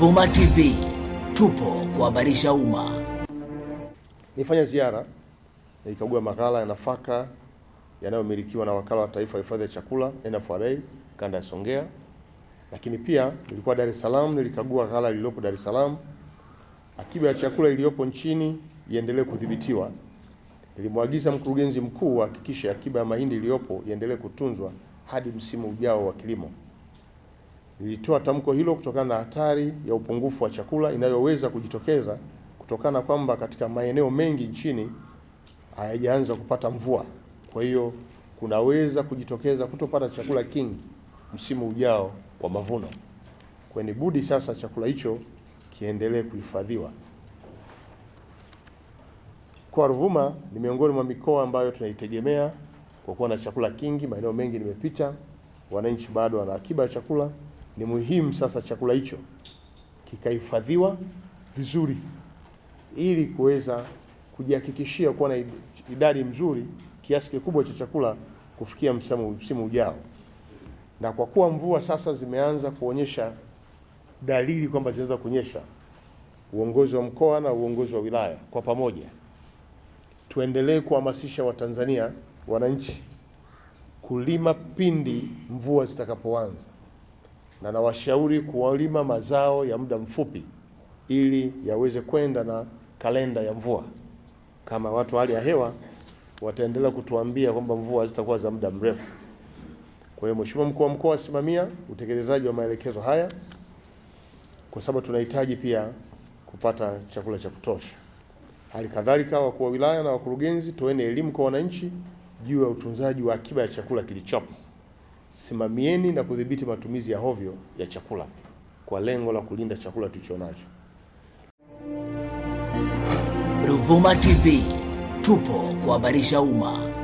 Vuma TV tupo kuhabarisha umma. Nifanya ziara nikagua maghala ya nafaka yanayomilikiwa na wakala wa taifa wa hifadhi ya chakula NFRA kanda ya Songea, lakini pia nilikuwa Dar es Salaam, nilikagua ghala lililopo Dar es Salaam. Akiba ya chakula iliyopo nchini iendelee kudhibitiwa. Nilimwagiza mkurugenzi mkuu ahakikishe akiba ya mahindi iliyopo iendelee kutunzwa hadi msimu ujao wa kilimo. Nilitoa tamko hilo kutokana na hatari ya upungufu wa chakula inayoweza kujitokeza kutokana kwamba katika maeneo mengi nchini hayajaanza kupata mvua, kwa hiyo kunaweza kujitokeza kutopata chakula kingi msimu ujao wa mavuno. Kwa ni budi sasa chakula hicho kiendelee kuhifadhiwa. Kwa Ruvuma ni miongoni mwa mikoa ambayo tunaitegemea kwa kuwa na chakula kingi. Maeneo mengi nimepita, wananchi bado wana akiba ya chakula. Ni muhimu sasa chakula hicho kikahifadhiwa vizuri ili kuweza kujihakikishia kuwa na idadi mzuri kiasi kikubwa cha chakula kufikia msimu ujao. Na kwa kuwa mvua sasa zimeanza kuonyesha dalili kwamba zinaweza kunyesha, uongozi wa mkoa na uongozi wa wilaya kwa pamoja tuendelee kuhamasisha Watanzania wananchi kulima pindi mvua zitakapoanza na nawashauri kuwalima mazao ya muda mfupi ili yaweze kwenda na kalenda ya mvua. Kama watu hali ya hewa wataendelea kutuambia kwamba mvua zitakuwa za muda mrefu. Kwa hiyo, Mheshimiwa Mkuu wa Mkoa, simamia utekelezaji wa maelekezo haya kwa sababu tunahitaji pia kupata chakula cha kutosha. Hali kadhalika, wakuu wa wilaya na wakurugenzi, toeni elimu kwa wananchi juu ya utunzaji wa akiba ya chakula kilichopo simamieni na kudhibiti matumizi ya hovyo ya chakula kwa lengo la kulinda chakula tulichonacho. Ruvuma TV tupo kuhabarisha umma.